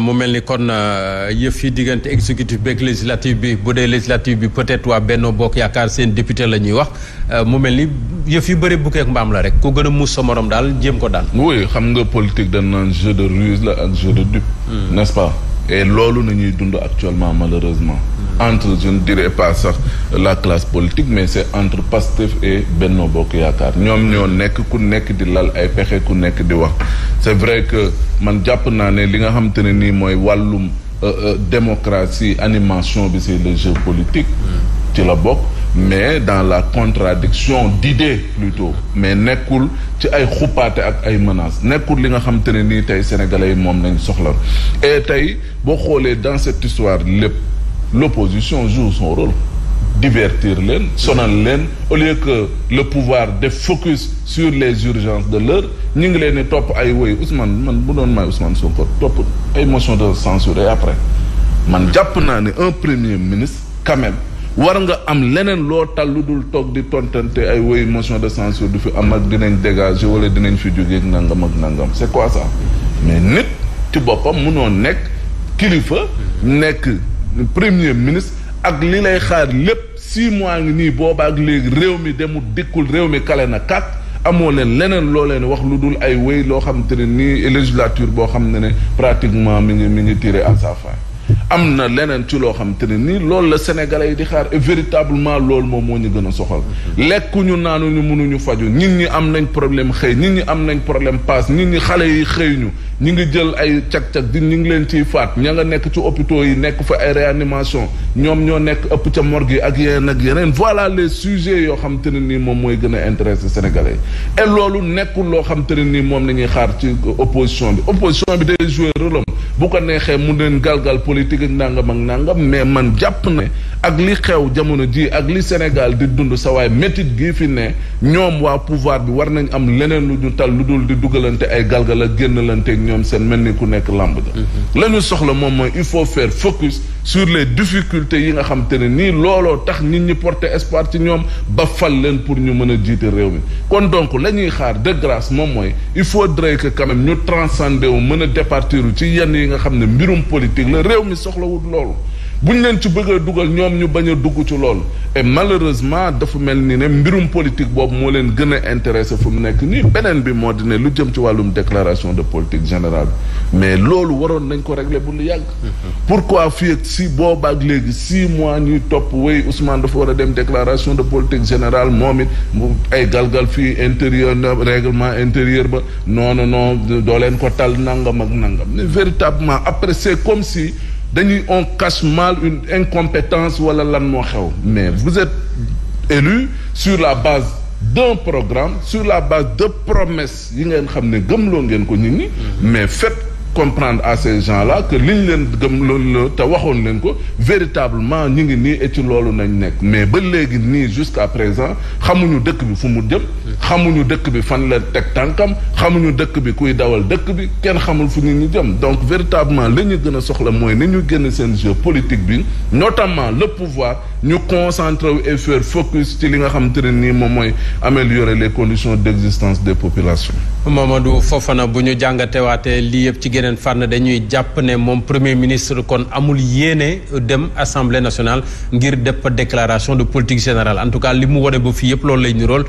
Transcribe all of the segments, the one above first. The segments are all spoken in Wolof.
mu mel ni kon euh, yëf yi diggante exécutif beeg législatif bi bu dee législatif bi peut-être waa Benno Bokk Yaakaar seen député la ñuy wax euh, mu mel ni yëf yu bëri bukkeek mbaam la rek ku gën a muus sa morom daal jéem ko daal oui xam nga politique dañ naan jeu de ruse la ak jeu de dupe. Hmm. nest pas. et loolu na ñuy dund actuellement malheureusement entre je ne dirais pas sax la classe politique mais c'est entre Pastef et Benno Bokk Yaakaar ñoom ñoo nekk ku nekk di lal ay pexe ku nekk di wax c'est vrai que man jàpp naa ne li nga xam te ne nii mooy wàllum euh, euh, démocratie animation bi c'est le jeu politique mm. ci la bokk mais dans la contradiction d'idées plutôt mais nekkul ci ay xuppaate ak ay menaces nekkul li nga xam te ne nii tey sénégalais yi moom lañ soxla et tey boo xoolee dans cette histoire lépp l'opposition joue son rôle divertir leen sonal leen au lieu que le pouvoir def focus sur les urgences de l'heure ñu ngi leen di topp ay woy Ousmane man bu doon may Ousmane Sonko topp ay motion de censure et après man jàpp naa ne un premier ministre quand war nga am leneen loo tal lu dul toog di tontante ay woyu motion de censure du fi am ak dinañ dégagé wala dinañ fi jógeeg nangam ak nangam c'est quoi ça mais nit ci boppam munoo nekk kilifa nekk premier ministre ak li lay xaar lépp six mois ngi nii boobaa ak léegi réew mi demul dikkul réew mi kale na kat amoo leen leneen looleen leen wax lu dul ay wéy loo xam te ne nii législature boo xam ne ne pratiquement mi ngi mi ngi tiré à sa fin am na leneen ci loo xam te ne nii loolu la sénégalais yi di xaar et véritablement loolu moom moo ñu gën a soxal lekkuñu ñu mënuñu faju nit ñi am nañ problème xëy nit ñi am nañ problème paas nit ñi xale yi xëy ñu ñi ngi jël ay cag-cag di ñi ngi leen ciy faat ña nga nekk ci hôpitaux yi nekk fa ay réanimation ñoom ñoo nekk ëpp ca morgue yi ak yeneen ak yeneen voilà les sujets yoo xam te ne nii moom mooy gën a intéressé sénégalais yi et loolu nekkul loo xam te ne nii moom la ñuy xaar ci opposition bi opposition bi day jouer rôle bu ko neexee mu leen galgal politique ak nangam ak nangam mais man jàpp na ak li xew jamono ji ak li Sénégal di dund sa waay métit gi fi ne ñoom waa pouvoir bi war nañ am leneen lu ñu tal lu dul di dugalante ay galgal ak génnalante ak ñoom seen mel ni ku nekk làmb ja mm-hmm. la soxla moom mooy il faut faire focus sur les difficultés yi nga xam te ne nii looloo tax nit ñi porté espoir ci ñoom ba fal leen pour ñu mën a jiite réew mi kon donc la xaar de grâce moom mooy il faudrait que quand même ñu transcender wu mën a départir ci yenn yi nga xam ne mbirum politique la réew mi soxlawul loolu bu ñu leen ci bëggee dugal ñoom ñu bañ a dugg ci loolu et malheureusement dafa mel ni ne mbirum politique boobu moo leen gën a intéressé fu mu nekk nii beneen bi moo dina lu jëm ci wàllum déclaration de politique général mais loolu waroon nañ ko régler bu nu yàgg. Mm-hmm. pourquoi fii ak si boobaak léegi si mois ñuy topp wéy Ousmane dafa war a dem déclaration de politique général moom it mu ay galgal fii intérieur réglement intérieur ba non non non doo leen ko tal nangam ak nangam mais véritablement après c'est comme si. dañuy on cache mal une incompétence wala lan moo xew mais vous êtes élu sur la base d'un programme sur la base de promesses yi ngeen xam ne gëmloo ngeen ko nit ñi mm-hmm. mais faites comprendre à ces la là li liñ leen gëm loolu la te waxoon leen ko véritablement ñu ngi nii et loolu nañ nekk mais ba léegi nii jusqu'à présent xamuñu dëkk bi fu mu jëm xamuñu dëkk bi fan la teg tànkam xamuñu dëkk bi kuy dawal dëkk bi kenn xamul fu nit ñi jëm donc véritablement li ñu gën a soxla mooy ni ñu génn seen jeu politique bi notamment le pouvoir ñu concentré wu et focus ci li nga xam te nii moom mooy améliorer les conditions d'existence des populations geneen fànn dañuy jàpp ne moom premier ministre kon amul yéene dem assemblée nationale ngir def déclaration de politique générale en tout cas li mu wone ba fi yëpp loolu lay nirool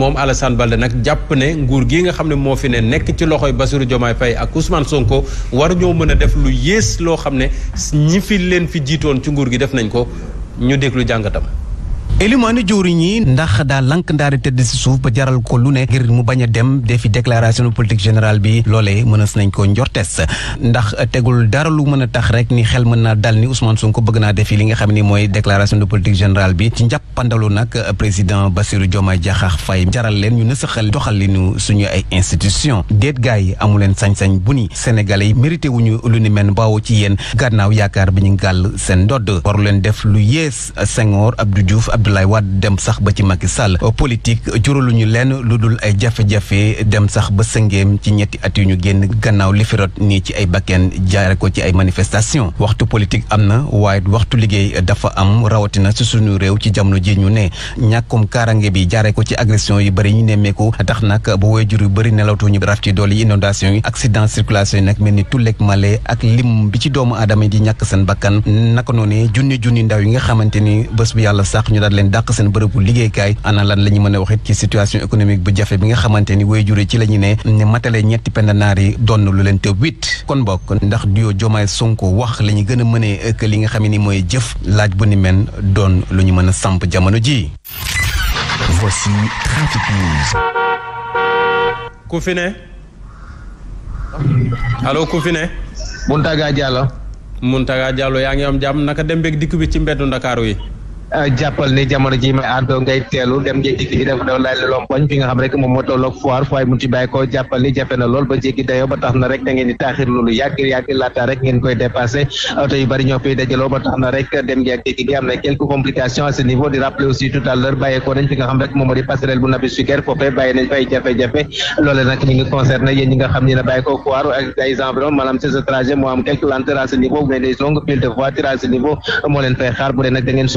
moom Alassane Balde nag jàpp ne nguur gi nga xam ne moo fi ne nekk ci loxoy Bassirou Diomaye Faye ak Ousmane Sonko war ñoo mën a def lu yées loo xam ne ñi fi leen fi jiitoon ci nguur gi def nañ ko ñu déglu jàngatam. élimaani jëwriñ yi ndax daa lank ndaari tëdd si suuf ba jaral ko lu ne ngir mu bañ a dem defi déclaration politique générale bi loolee mënees nañ ko njortes ndax tegul dara lu mën a tax rek ni xel mën naa dal ni Ousmane ko bëgg naa def defi li nga xam ni mooy déclaration de politique générale bi ci njàppandalu nag président Bassirou Diomaye Diakhar Faye jaral leen ñu nësaxal doxalinu suñu ay institution déet gaay yi amu leen sañ-sañ bu ni sénégalais yi mérité wuñu lu ni men bawoo ci yéen gannaaw yaakaar bi ñu gàll seen ndodd waru leen def lu yées Senghor Abdou Diouf Abdou Abdoulaye Wade dem sax ba ci Macky Sall politique juraluñu leen lu dul ay jafe-jafe dem sax ba sëngeem ci ñetti at yu ñu génn gannaaw li nii ci ay bakkeen jaare ko ci ay manifestation waxtu politique am na waaye waxtu liggéey dafa am rawatina si sunu réew ci jamono ji ñu ne ñàkkum kaarange bi jaare ko ci agression yu bëri ñu nemmeeku tax nag ba waajur yu bëri nelawtuñu raf ci dool yi inondation yi accident circulation yi nag mel ni tulleeg male ak lim bi ci doomu aadama di ñàkk seen yi nga xamante ni bés leen dàq seen bërëbu liggéeykaay ana lan la ñu mën a wax it ci situation économique bu jafe bi nga xamante ni way jure ci la ñu ne ne matale ñetti pendanaar yi doon lu leen te huit kon bokk ndax duo Jomaay Sonko wax la ñu gën a mënee ëkk li nga xam ni mooy jëf laaj bu ni men doon lu ñu mën a samp jamono ji voici Trafic News. ku fi ne. allo ku fi yaa ngi am jàmm naka dem beeg dikk bi ci mbeddu Ndakaaru yi. Euh, jàppal ni jamono ji may àddoo ngay teelu dem njëkk di def daw laaj la xam rek moom moo tolloog foire foire mu ci ni jafe na lool ba jéggi dayoo ba tax rek da ngeen di loolu yàgg yàgg laata rek ngeen koy dépassé bari ñoo fiy rappeler aussi tout à l'heure bàyyeekoo nañ fi nga xam rek moom moo di passerelle bu Nabi Suker foofee bàyyi nañ fay jafe-jafe loole nag mi ngi concerné yéen xam ne ne bàyyi ko foire ak ay environ trajet moo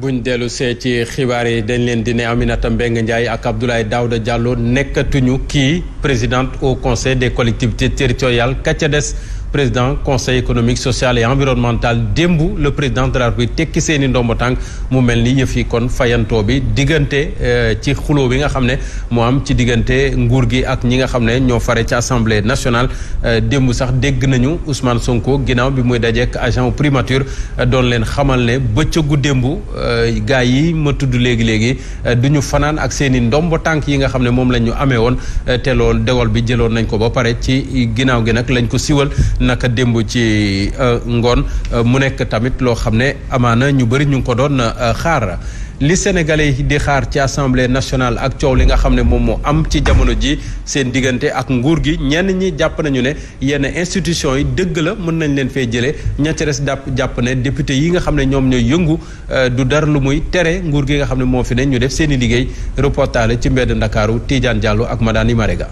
buñ dellu see ci xibaar yi dañ leen di ne Aminata Mbengue Ndiaye ak Abdoulaye Daouda Diallo nekkatuñu kii présidente au conseil des collectivités territoriales ka ca des président conseil économique social et environnemental démb le président de la République tekki seen ndombo tànk mu mel ni yëf yi kon fayantoo bi diggante euh, ci xuloo bi nga xam ne moo am ci diggante nguur gi ak ñi nga xam ne ñoo fare ci assemblée nationale euh, démb sax dégg nañu Ousmane Sonko ginnaaw bi muy dajeek agent primature euh, doon leen xamal ne bëccëgu démb gars yi ma tudd léegi léegi du ñu fanaan ak seeni i ndombo tànk yi nga xam ne moom la ñu amee woon te lool dégol bi jëloon nañ ko ba pare ci ginnaaw gi nag lañ ko siwal naka démb ci euh, ngoon euh, mu nekk tamit loo xam ne amaana ñu bari ñu ngi ko doon euh, xaar li Sénégalais yi di xaar ci assemblée nationale ak coow li nga xam ne moom moo am ci jamono ji seen diggante ak nguur gi ñenn ñi jàpp nañu ne yenn institution yi dëgg la mën nañu leen fee jëlee ña ca des jàpp ne député yi nga xam ne ñoom ñooy yëngu du dara lu muy tere nguur gi nga xam ne moo fi ne ñu def seen i liggéey reportage ci mbedd Ndakaaru Tidiane Diallo ak Madani Marega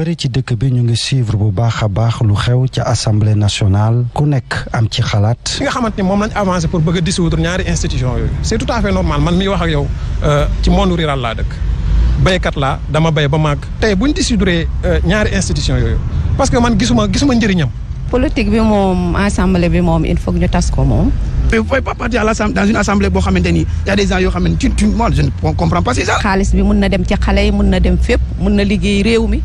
bari ci dëkk bi ñu ngi suivre bu baax a baax lu xew ci assemblée nationale ku nekk am ci xalaat. li nga xamante ni moom lañ avancé pour bëgg a ñaari institution yooyu c'est tout à fait normal man miy wax yow euh, ci monde rural laa dëkk baykat laa dama béy ba màgg. tey buñ dissoudre euh, ñaari institution yooyu parce que man gisuma gisuma njëriñam. politique bi moom assemblée bi moom il faut ñu tas ko moom. mais vous pouvez boo xamante ni a des yoo xamante ni tu tu moi je xaalis bi mun na dem ci xale yi mun na dem fépp mun na liggéey réew mi.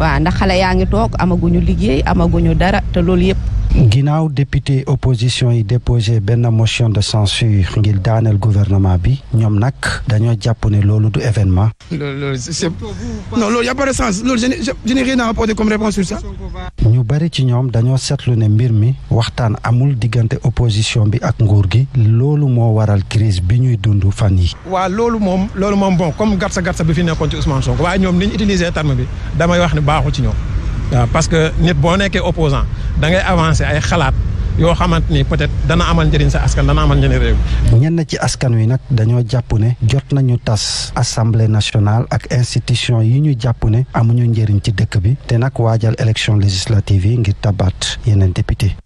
waaw ndax xale yaa ngi toog amaguñu liggéey amaguñu dara te loolu yëpp ginnaaw député opposition yi déposé benn motion de censure ngir daaneel gouvernement bi ñoom nag dañoo jàpp ne loolu du événement. loolu loolu c'est non loolu y a pas sens loolu je n'ai rien à comme réponse sur ça. ñu bari ci ñoom dañoo seetlu ne mbir mi waxtaan amul diggante opposition bi ak nguur gi loolu moo waral crise bi ñuy dund fan yi. waa loolu moom loolu moom bon comme gatsa gatsa bi fi nekkoon ci Ousmane Sonko waaye ñoom ni ñu utiliser terme bi damay wax ne baaxul ci ñoom. waaw parce que nit boo nekkee opposant da ngay avancer ay xalaat yoo xamante ni peut-être dana amal njëriñ sa askan dana amal njëriñ réew ñenn ci askan wi nag dañoo jàpp ne jot nañu tas assemblée national ak institution yi ñu jàpp ne amuñu njëriñ ci dëkk bi te nag waajal élection législative yi ngir tabaat yeneen député